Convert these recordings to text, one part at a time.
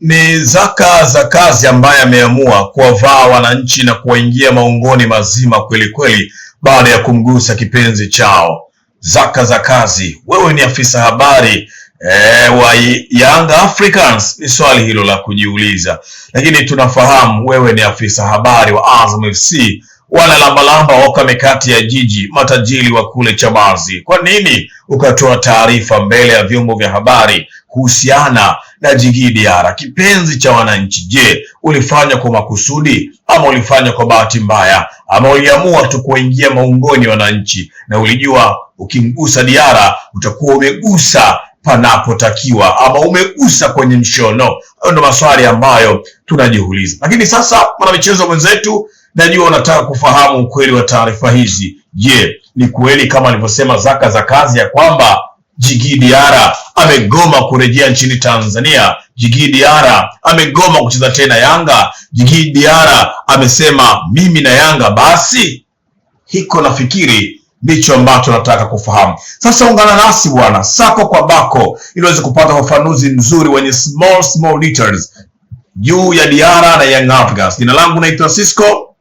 ni Zaka za kazi ambaye ameamua kuwavaa wananchi na kuwaingia maungoni mazima kweli kweli, baada ya kumgusa kipenzi chao. Zaka za kazi, wewe ni afisa habari E, wa Young Africans ni swali hilo la kujiuliza, lakini tunafahamu wewe ni afisa habari wa Azam FC, wana lambalamba wako mikati ya jiji, matajiri wa kule Chamazi. Kwa nini ukatoa taarifa mbele ya vyombo vya habari kuhusiana na Jigi Diarra, kipenzi cha wananchi. Je, ulifanya kwa makusudi ama ulifanya kwa bahati mbaya ama uliamua tu kuingia maungoni wananchi, na ulijua ukimgusa Diarra utakuwa umegusa panapotakiwa ama umegusa kwenye mshono? Hayo ndo maswali ambayo tunajiuliza. Lakini sasa, mwanamichezo mwenzetu, najua unataka kufahamu ukweli wa taarifa hizi. Je, ni kweli kama alivyosema Zaka za kazi ya kwamba Jigi Diara amegoma kurejea nchini Tanzania. Jigi Diara amegoma kucheza tena Yanga. Jigi Diara amesema mimi na Yanga basi. Hiko nafikiri ndicho ambacho nataka kufahamu. Sasa ungana nasi bwana, sako kwa bako, ili uweze kupata ufafanuzi mzuri wenye small small details juu ya Diara na Young Africans. Jina langu naitwa Cisco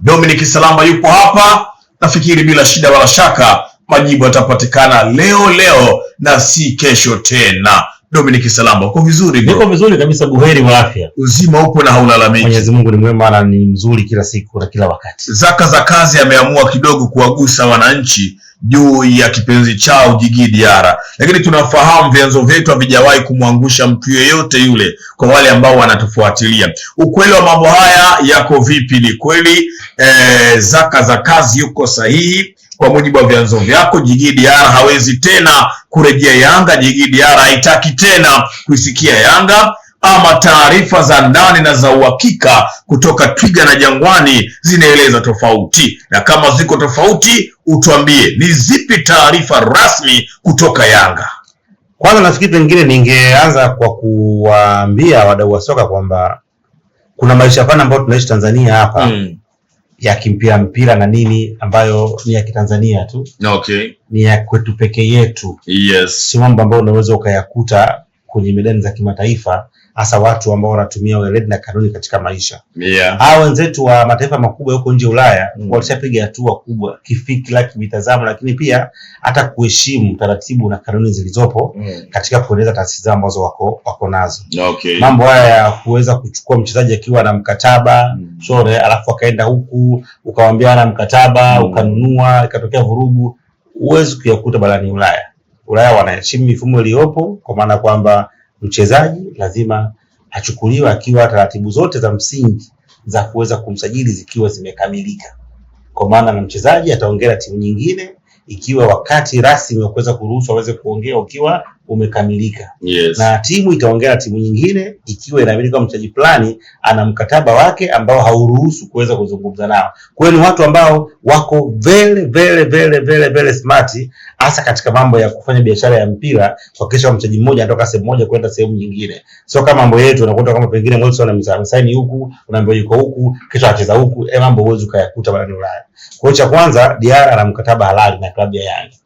Dominic Salamba, yupo hapa nafikiri bila shida wala shaka majibu yatapatikana leo leo na si kesho tena. Dominic Salamba, uko vizuri? Niko vizuri kabisa, buheri wa afya, uzima upo na haulalamiki. Mwenyezi Mungu ni mwema na ni mzuri kila siku na kila wakati. Zaka za kazi ameamua kidogo kuwagusa wananchi juu ya kipenzi chao Jigi Diarra, lakini tunafahamu vyanzo vyetu havijawahi kumwangusha mtu yeyote yule. Kwa wale ambao wanatufuatilia, ukweli wa mambo haya yako vipi? Ni kweli eh, Zaka za kazi yuko sahihi kwa mujibu wa vyanzo vyako, Jigi hawezi tena kurejea Yanga. Jigi haitaki tena kuisikia Yanga ama taarifa za ndani na za uhakika kutoka Twiga na Jangwani zinaeleza tofauti, na kama ziko tofauti utuambie ni zipi taarifa rasmi kutoka Yanga. Kwanza nafikiri pengine ningeanza kwa kuwaambia wadau wa soka kwamba kuna maisha pana ambayo tunaishi Tanzania hapa mm ya kimpira mpira na nini ambayo ni ya Kitanzania tu okay. Ni ya kwetu peke yetu yes. Si mambo ambayo unaweza ukayakuta kwenye medani za kimataifa hasa watu ambao wanatumia weledi na kanuni katika maisha yeah. Hao wenzetu wa mataifa makubwa huko nje Ulaya mm. walishapiga hatua kubwa kifikra kimitazamo, lakini pia hata kuheshimu taratibu na kanuni zilizopo mm. katika kueneza taasisi zao ambazo wako, wako nazo okay. Mambo haya ya kuweza kuchukua mchezaji akiwa na mkataba mm. sore, alafu akaenda huku ukamwambia ana mkataba mm. ukanunua, ikatokea vurugu, huwezi kuyakuta barani Ulaya. Ulaya wanaheshimu mifumo iliyopo kwa maana kwamba mchezaji lazima achukuliwe akiwa taratibu zote za msingi za kuweza kumsajili zikiwa zimekamilika, kwa maana na mchezaji ataongea timu nyingine ikiwa wakati rasmi wa kuweza kuruhusu aweze kuongea ukiwa umekamilika yes. Na timu itaongea timu nyingine ikiwa inaamini kwa mchezaji fulani ana mkataba wake ambao hauruhusu kuweza kuzungumza nao. Kwa hiyo ni watu ambao wako very very very very very smart, hasa katika mambo ya kufanya biashara ya mpira, kuhakikisha mchezaji mmoja anatoka sehemu moja kwenda sehemu nyingine, sio kama mambo yetu unakuta kama pengine mmoja sana msaini huku, unaambiwa yuko huku, kesho acheza huku. eh, mambo huwezi kuyakuta barani Ulaya. Kwa hiyo cha kwanza, Diara ana mkataba halali na klabu ya Yanga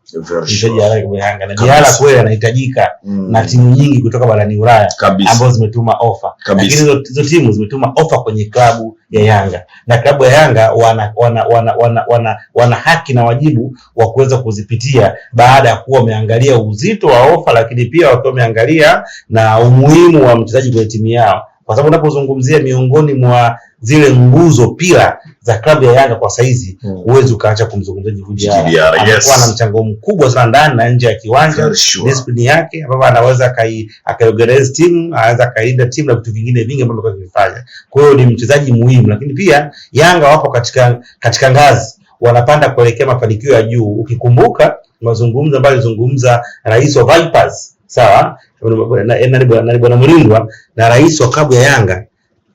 Diala kweli anahitajika mm. na timu nyingi kutoka barani Ulaya ambazo zimetuma ofa, lakini hizo timu zimetuma ofa kwenye klabu ya Yanga na klabu ya Yanga wana, wana, wana, wana, wana, wana haki na wajibu wa kuweza kuzipitia baada ya kuwa wameangalia uzito wa ofa, lakini pia wakiwa wameangalia na umuhimu wa mchezaji kwenye timu yao kwa sababu unapozungumzia miongoni mwa zile nguzo pia za klabu ya Yanga kwa saizi hmm. huwezi hmm, ukaacha kumzungumzia Djigui. Amekuwa na mchango mkubwa sana ndani na nje ya kiwanja, discipline yake ambapo anaweza akaorganize timu, anaweza kaida timu na vitu vingine vingi ambavyo amekuwa akifanya. Kwa hiyo ni mchezaji muhimu, lakini pia Yanga wapo katika katika ngazi wanapanda kuelekea mafanikio ya juu. Ukikumbuka mazungumzo ambayo alizungumza rais wa Vipers sawa Bwana Mlindwa na rais wa klabu ya Yanga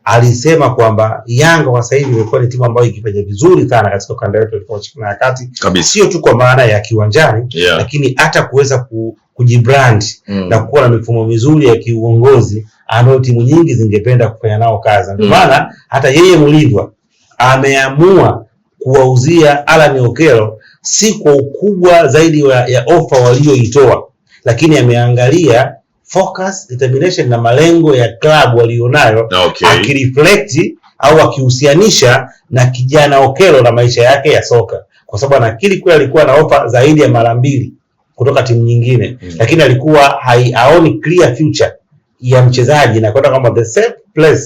alisema kwamba Yanga kwa sasa hivi imekuwa ni timu ambayo ikifanya vizuri sana katika kanda yetu ya kati, sio tu kwa maana ya kiwanjani yeah, lakini hata kuweza ku, kujibrand mm, na kuwa na mifumo mizuri ya kiuongozi ambayo timu nyingi zingependa kufanya nao kazi. Ndio mm. maana mm, hata yeye Mlindwa ameamua kuwauzia Alan Okello si kwa ukubwa zaidi ya ofa walioitoa lakini ameangalia focus, determination na malengo ya klabu walionayo, okay. Akireflect au akihusianisha na kijana Okelo na maisha yake ya soka, kwa sababu anakiri kweli alikuwa na ofa zaidi ya mara mbili kutoka timu nyingine mm. Lakini alikuwa haioni clear future ya mchezaji na kwenda kama the safe place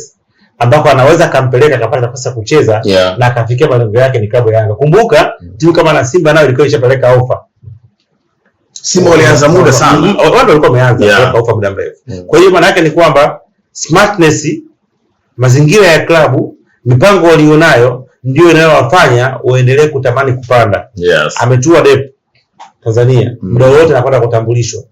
ambako anaweza akampeleka akapata nafasi ya kucheza yeah. Na akafikia malengo yake ni klabu ya Yanga. Kumbuka mm. timu kama na Simba nayo ilikuwa ishapeleka ofa Simba walianza muda sana, mm, mm, watu walikuwa wameanza kwa muda mrefu. Mm. Kwa hiyo maana yake ni kwamba smartness, mazingira ya klabu, mipango walionayo ndio inayowafanya waendelee kutamani kupanda. Yes. Ametua dep Tanzania muda mm. wote anakwenda kutambulishwa,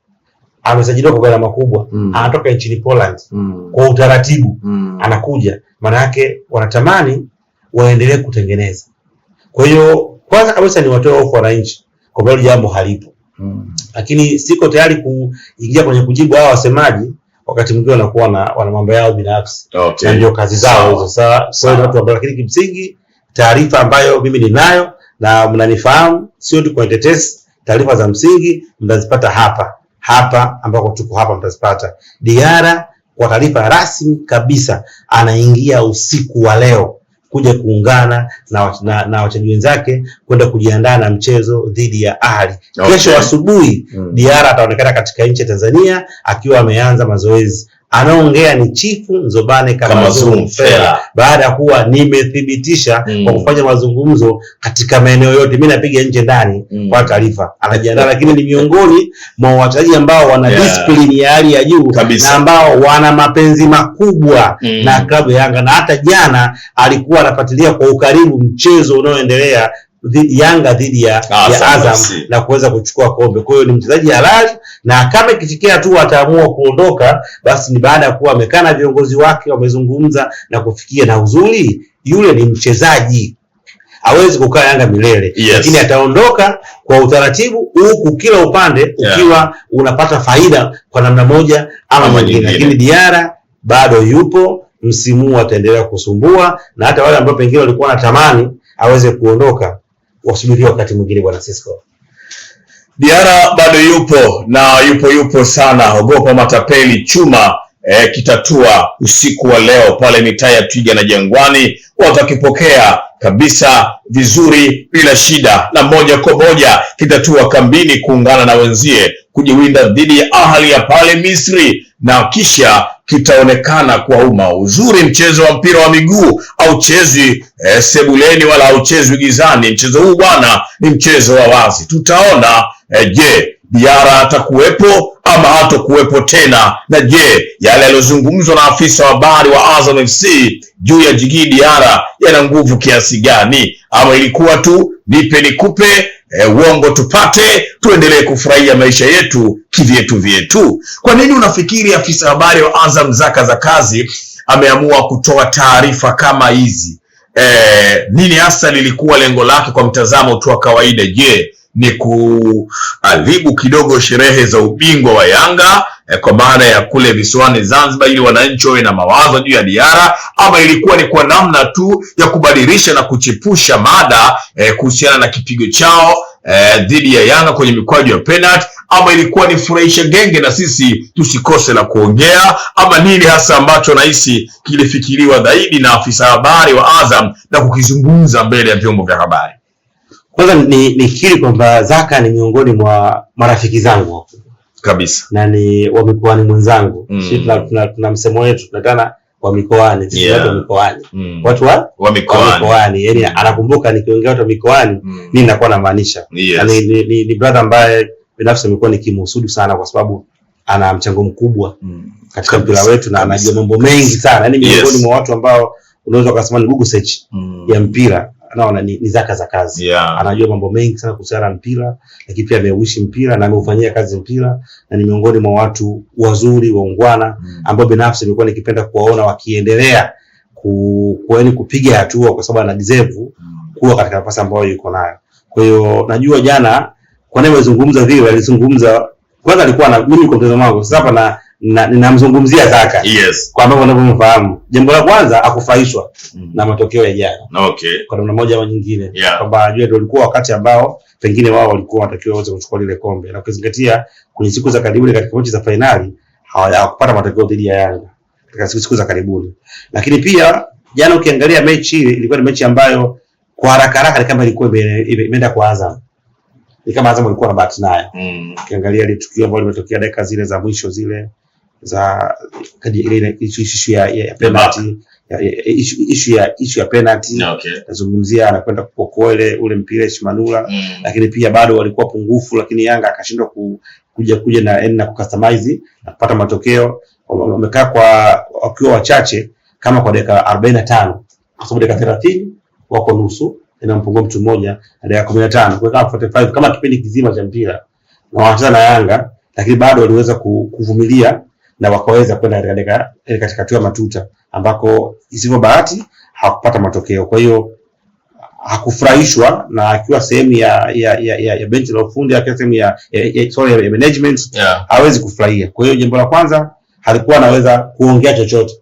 amesajiliwa kwa gharama kubwa mm. anatoka nchini Poland mm. kwa utaratibu mm. anakuja, maana yake wanatamani waendelee kutengeneza. Kwa hiyo kwanza kabisa ni watoe hofu wananchi kwa sababu jambo halipo lakini mm. siko tayari kuingia kwenye kujibu hao wasemaji, wakati mwingine wanakuwa na wana mambo yao binafsi okay. na ndio kazi zao hizo. Sasa watu ambao, lakini kimsingi taarifa ambayo mimi ninayo na mnanifahamu, sio tu kwa tetesi, taarifa za msingi mtazipata hapa hapa ambako tuko hapa, mtazipata Diara kwa taarifa rasmi kabisa, anaingia usiku wa leo kuja kuungana na, na, na wachezaji wenzake kwenda kujiandaa na mchezo dhidi ya Ahli okay. Kesho asubuhi mm. Diara ataonekana katika nchi ya Tanzania akiwa ameanza mazoezi anaongea ni Chifu Nzobane Kamazulu baada ya kuwa nimethibitisha mm. kwa kufanya mazungumzo katika maeneo yote, mimi napiga nje ndani mm. kwa taarifa anajiandaa, lakini ni miongoni mwa wachezaji ambao wana yeah. discipline ya hali ya juu na ambao wana mapenzi makubwa mm. na klabu ya Yanga, na hata jana alikuwa anafuatilia kwa ukaribu mchezo unaoendelea Yanga dhidi ya, ah, ya Azam na kuweza kuchukua kombe. Kwa hiyo ni mchezaji halali, na kama ikifikia tu ataamua kuondoka, basi ni baada ya kuwa amekaa na viongozi wake wamezungumza na kufikia, na uzuri yule ni mchezaji hawezi kukaa Yanga milele yes. Lakini ataondoka kwa utaratibu, huku kila upande ukiwa unapata faida kwa namna moja ama nyingine, lakini Diara bado yupo, msimu ataendelea kusumbua, na hata wale ambao pengine walikuwa wanatamani aweze kuondoka wasubiriwa wakati mwingine. Bwana Sisco Diara bado yupo na yupo yupo sana, ogopa matapeli chuma eh, kitatua usiku wa leo pale mitaa ya Twiga na Jangwani, watakipokea kabisa vizuri bila shida, na moja kwa moja kitatua kambini kuungana na wenzie kujiwinda dhidi ya Ahli ya pale Misri, na kisha kitaonekana kwa umma. Uzuri mchezo wa mpira wa miguu auchezwi e, eh, sebuleni wala auchezwi gizani. Mchezo huu bwana, ni mchezo wa wazi. Tutaona e, je, Diara atakuwepo ama hatokuwepo tena? Na je, yale yaliyozungumzwa na afisa wa habari wa Azam FC juu ya Djigui Diara yana nguvu kiasi gani, ama ilikuwa tu nipe nikupe e, uongo tupate tuendelee kufurahia maisha yetu kivyetu vyetu. Kwa nini unafikiri afisa habari wa Azam Zaka za kazi ameamua kutoa taarifa kama hizi? E, nini hasa lilikuwa lengo lake kwa mtazamo tu wa kawaida? Je, ni kualibu kidogo sherehe za ubingwa wa Yanga eh, kwa maana ya kule visiwani Zanzibar, ili wananchi wawe na mawazo juu ya Diara, ama ilikuwa ni kwa namna tu ya kubadilisha na kuchepusha mada eh, kuhusiana na kipigo chao eh, dhidi ya Yanga kwenye mikwaju ya penalti, ama ilikuwa ni furahisha genge na sisi tusikose la kuongea, ama nini hasa ambacho nahisi kilifikiriwa zaidi na afisa habari wa Azam na kukizungumza mbele ya vyombo vya habari? Kwanza nikiri kwamba Zaka ni miongoni mwa marafiki zangu kabisa na ni wa mikoani mwenzangu mm. Sisi tuna msemo wetu tunatana wa mikoani sisi yeah. mikoani mm. Watu wa wa mikoani yani, yaani mm. anakumbuka nikiongea watu wa mikoani mm. Mimi nakuwa namaanisha yes. Na ni, ni, ni brother ambaye binafsi amekuwa nikimhusudu sana kwa sababu ana mchango mkubwa mm. katika mpira wetu na anajua mambo mengi sana yani, miongoni yes. mwa watu ambao unaweza kusema ni Google search mm. ya mpira anaona ni, ni zaka za kazi yeah. Anajua mambo mengi sana kuhusiana na mpira, lakini pia ameuishi mpira na ameufanyia kazi mpira, na ni miongoni mwa watu wazuri waungwana mm. ambao binafsi nilikuwa nikipenda kuwaona wakiendelea ku, kueni kupiga hatua, kwa sababu ana deserve mm. kuwa katika nafasi ambayo yuko nayo. Kwa hiyo najua jana kwa nini wazungumza vile, alizungumza kwanza, alikuwa na mimi kwa mtazamo wangu sasa hapa na namzungumzia na Zaka yes. Kwa ambavyo unavyomfahamu, jambo la kwanza akufaishwa mm. na matokeo ya jana okay. Kwa namna moja au nyingine yeah. Kwamba ajue ndio ulikuwa wakati ambao pengine wao walikuwa wanatakiwa waweze kuchukua lile kombe, na ukizingatia kwenye siku za karibuni katika mechi za fainali hawakupata matokeo dhidi ya Yanga katika siku za karibuni, lakini pia jana ukiangalia mechi ile ilikuwa ni mechi ambayo kwa haraka haraka ni kama ilikuwa imeenda kwa Azam ni kama Azam walikuwa na bahati nayo mm. Ukiangalia ile tukio ambalo limetokea dakika zile za mwisho zile za kadi ile issue ya ya penalty issue ya issue ya penalty okay. nazungumzia, anakwenda kukokoa ile ule mpira mm. lakini pia bado walikuwa pungufu, lakini Yanga akashindwa kuja kuja na yaani na kucustomize na kupata matokeo. Wamekaa kwa wakiwa wachache kama kwa dakika 45 kwa sababu dakika 30 wako nusu inampungua mtu mmoja na dakika 15 kwa kama 45 kama kipindi kizima cha mpira na wanacheza na Yanga, lakini bado waliweza kuvumilia na wakaweza kwenda katika eh, hatua matuta ambako isivyo bahati hakupata matokeo. Kwa hiyo hakufurahishwa na akiwa sehemu ya, ya, ya, ya, ya benchi la ufundi akiwa sehemu ya, ya, ya, sorry, ya management yeah. hawezi kufurahia. Kwa hiyo jambo la kwanza halikuwa anaweza kuongea chochote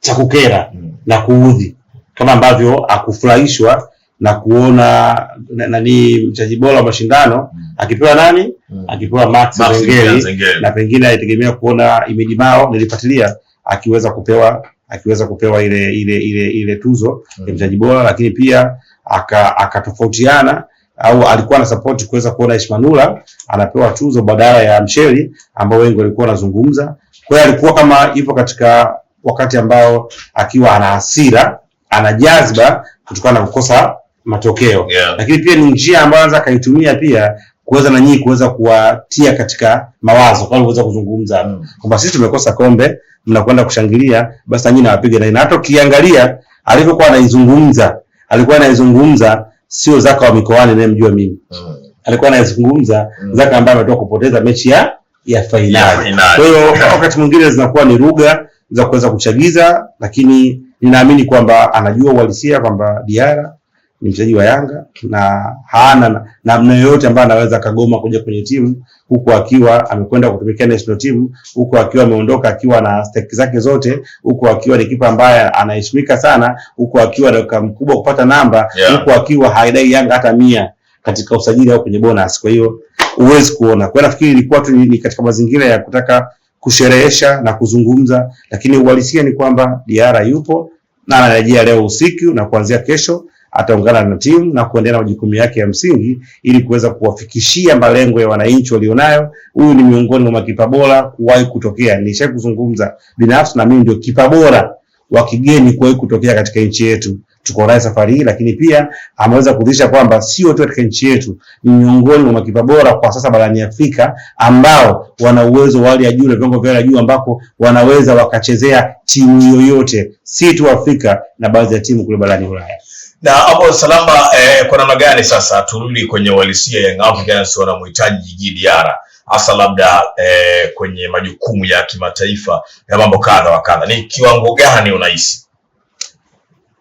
cha kukera mm. na kuudhi kama ambavyo hakufurahishwa na kuona nani mchezaji bora wa mashindano mm. akipewa nani Mm. akipewa Max Zengeli na pengine alitegemea kuona Image Mao, nilifuatilia akiweza kupewa akiweza kupewa ile ile ile ile tuzo ya mm. mchezaji bora, lakini pia akatofautiana aka au alikuwa na support kuweza kuona Ismanula anapewa tuzo badala ya Msheli ambao wengi walikuwa wanazungumza. Kwa hiyo alikuwa kama ipo katika wakati ambao akiwa ana hasira, ana jazba kutokana na kukosa matokeo yeah. Lakini pia ni njia ambayo anaweza akaitumia pia kuweza na nyinyi kuweza kuwatia katika mawazo kwa kuweza kuzungumza mm. kwamba sisi tumekosa kombe, mnakwenda kushangilia, basi na nyinyi nawapiga na hata ukiangalia alivyokuwa anaizungumza, alikuwa anaizungumza sio Zaka wa mikoani ninayemjua mimi mm. alikuwa anaizungumza mm. Zaka ambaye ametoka kupoteza mechi ya ya fainali. Kwa hiyo wakati mwingine zinakuwa ni lugha za kuweza kuchagiza, lakini ninaamini kwamba anajua uhalisia kwamba Diara ni mchezaji wa Yanga na hana namna na yoyote ambayo anaweza kagoma kuja kwenye timu huku akiwa amekwenda kutumikia national team, huku akiwa ameondoka akiwa na stake zake zote, huku akiwa ni kipa ambaye anaheshimika sana, huku akiwa na kama mkubwa kupata namba yeah, huku akiwa haidai Yanga hata mia katika usajili au kwenye bonus. Kwa hiyo huwezi kuona kwa, nafikiri ilikuwa tu ni katika mazingira ya kutaka kusherehesha na kuzungumza, lakini uhalisia ni kwamba Diara yupo na anarejea leo usiku na kuanzia kesho ataungana na timu na kuendelea na majukumu yake ya msingi ili kuweza kuwafikishia malengo ya wananchi walionayo. Huyu ni miongoni mwa makipa bora kuwahi kutokea, nishai kuzungumza binafsi, na mimi ndio kipa bora wa kigeni kuwahi kutokea katika nchi yetu. Tuko naye safari hii, lakini pia ameweza kudhihirisha kwamba sio tu katika nchi yetu, ni miongoni mwa makipa bora kwa sasa barani Afrika ambao wana uwezo wa hali ya juu na viwango vya juu ambapo wanaweza wakachezea timu yoyote, si tu Afrika na baadhi ya timu kule barani Ulaya. Na hapo salama eh, kwa namna gani sasa turudi kwenye uhalisia Young Africans wanamhitaji Djigui Diarra hasa labda eh, kwenye majukumu ya kimataifa ya mambo kadha wa kadha, ni kiwango gani unahisi?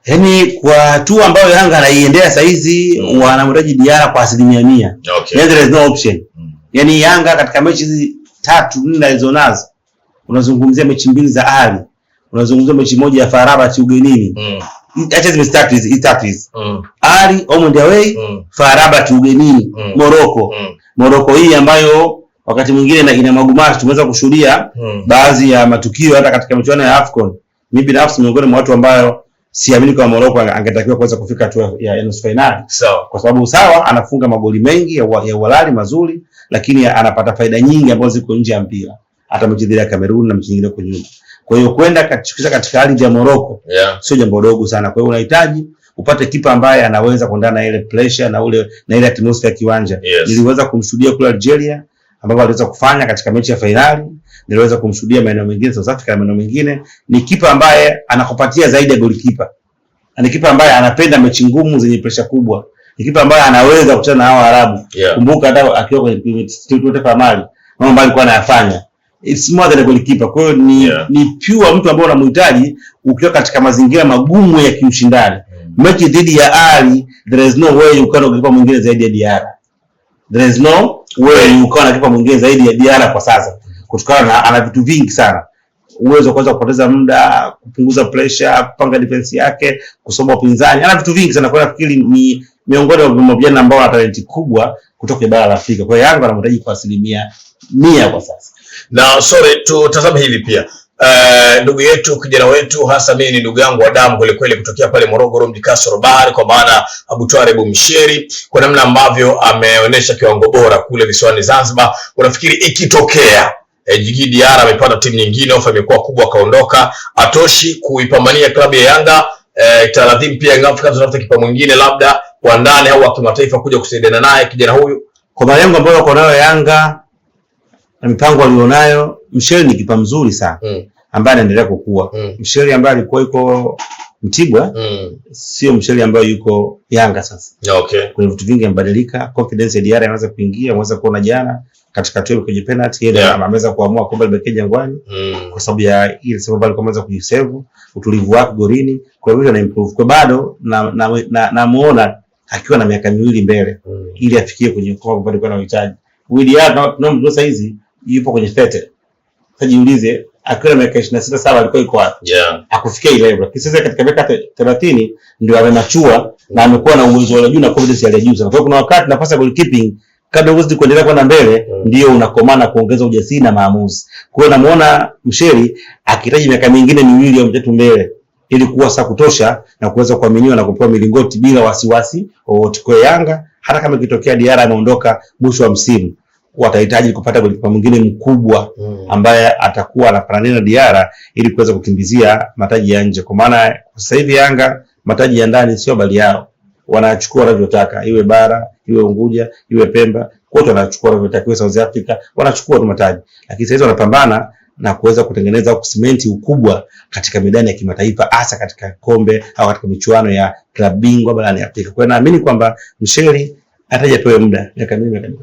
Yaani kwa hatua ambayo Yanga anaiendea sasa hizi mm. wanamhitaji Diarra kwa asilimia mia. Okay. Yaani there is no option. Mm. Yaani Yanga katika mechi hizi tatu nne alizonazo unazungumzia mechi mbili za Ali, unazungumzia mechi moja ya Faraba ugenini mm acha zime status hii mm. Ali home and away mm. Farabati ugenini mm. Morocco mm. Morocco hii ambayo wakati mwingine ina magumashi tumeweza kushuhudia mm. baadhi ya matukio hata katika michuano ya Afcon. Mimi binafsi miongoni mwa watu ambao siamini kama Morocco angetakiwa kuweza kufika hatua ya nusu finali so. Kwa sababu sawa, anafunga magoli mengi ya uhalali mazuri, lakini anapata faida nyingi ambazo ziko nje ya mpira, hata mechi dhidi ya Cameroon na mechi nyingine huko nyuma kwa hiyo kwenda katika katika ardhi ya Morocco yeah. sio jambo dogo sana. Kwa hiyo unahitaji upate kipa ambaye anaweza kuendana na ile pressure na ule na ile atmosphere ya kiwanja. Yes. Niliweza kumshuhudia kule Algeria ambapo aliweza kufanya katika mechi ya fainali, niliweza kumshuhudia maeneo mengine South Africa na maeneo mengine. Ni kipa ambaye anakupatia zaidi ya golikipa. Ni kipa ambaye anapenda mechi ngumu zenye pressure kubwa. Ni kipa ambaye anaweza kucheza na hao Arabu. Yeah. Kumbuka hata akiwa kwenye timu ya Mali, mambo ambayo alikuwa anayafanya it's more than a goalkeeper. Kwa hiyo ni, yeah. ni pure mtu ambaye unamhitaji ukiwa katika mazingira magumu ya kiushindani mm. mechi dhidi ya Ali, there is no way ukawa na goalkeeper mwingine zaidi ya Diarra, there is no way ukawa na goalkeeper mwingine zaidi ya Diarra kwa sasa, kutokana na ana vitu vingi sana uwezo wa kuweza kupoteza muda, kupunguza pressure, kupanga defense yake, kusoma upinzani, ana vitu vingi sana. Kwa nafikiri ni miongoni mwa vijana ambao ana talenti kubwa kutoka bara la Afrika. Kwa hiyo Yanga anamhitaji kwa asilimia mia kwa sasa. Na sorry, tutazame hivi pia Uh, ndugu yetu kijana wetu hasa mimi ni ndugu yangu wa damu kweli kutokea pale Morogoro mji kasoro bahari, kwa maana Abu Abutwaribu Msheri, kwa namna ambavyo ameonyesha kiwango bora kule visiwani Zanzibar. Unafikiri ikitokea eh, Djigui amepata timu nyingine, ofa imekuwa kubwa, akaondoka, atoshi kuipambania klabu ya Yanga eh, taradhimu pia Yanga Afrika, tunafuta kipa mwingine labda wa ndani au wa kimataifa kuja kusaidiana naye kijana huyu, kwa malengo ambayo yuko nayo Yanga na mipango alionayo. Msheri ni kipa mzuri sana mm. ambaye anaendelea kukua mm. Msheri ambaye alikuwa yuko Mtibwa mm. sio Msheri ambaye yuko Yanga sasa. Okay. Kuna vitu vingi vimebadilika, confidence ya Diarra inaanza kuingia, unaweza kuona jana katika tuwe kwenye penalty ile yeah. ameweza kuamua kombe limekaa Jangwani mm. kwa sababu ya ile sababu alikuwa ameweza kujisave utulivu wake golini, kwa hivyo ana improve kwa bado na na, na, na na muona akiwa na miaka miwili mbele mm. ili afikie kwenye kombe sababu alikuwa anahitaji. Wili hapa tunamjua sasa hizi yupo kwenye fete. Tujiulize, akiwa na miaka 26 saba alikuwa yuko wapi? Yeah. Akufikia ile level. Lakini sasa katika miaka 30 ndio amemachua na amekuwa na uwezo wa juu na confidence ya juu sana. Kwa hiyo kuna wakati nafasi ya goalkeeping kabla huwezi kuendelea kwenda mbele mm, ndio unakomana kuongeza ujasiri na maamuzi. Kwa hiyo namuona Msheri akihitaji miaka mingine miwili au mitatu mbele ili kuwa saa kutosha na kuweza kuaminiwa na kupewa milingoti bila wasiwasi wowote kwa Yanga, hata kama ikitokea Diara ameondoka mwisho wa msimu watahitaji kupata golikipa mwingine mkubwa hmm. ambaye atakuwa na na Diara ili kuweza kukimbizia mataji ya nje, kwa maana sasa hivi Yanga mataji ya ndani sio bali yao, wanachukua wanavyotaka, iwe bara iwe Unguja iwe Pemba, kote wanachukua wanavyotaka, iwe South Africa, wanachukua tu mataji. Lakini sasa wanapambana na kuweza kutengeneza kusimenti ukubwa katika midani ya kimataifa, hasa katika kombe au katika michuano ya klabu bingwa barani Afrika. Kwa hiyo naamini kwamba Msheri atajapewe muda miaka mingi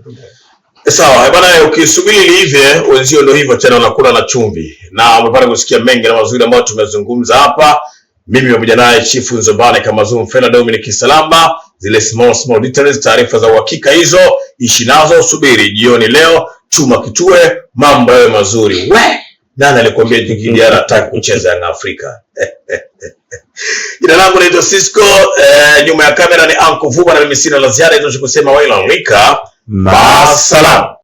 Sawa eh, bwana, ukisubiri liivye eh, wenzio, ndio hivyo tena, unakula na chumvi. Na umepata kusikia mengi na mazuri ambayo tumezungumza hapa, mimi pamoja naye Chifu Nzombane kama Zoom Fela Dominic Salamba, zile small small details, taarifa za uhakika hizo, ishi nazo, subiri jioni leo, chuma kitue, mambo yawe mazuri. We nani alikwambia kijana hataki kucheza na Afrika? Jina langu naitwa Cisco, eh, nyuma ya kamera ni Anko Vuba na mimi sina la ziada, tunashukuru kusema wailalika Masalam.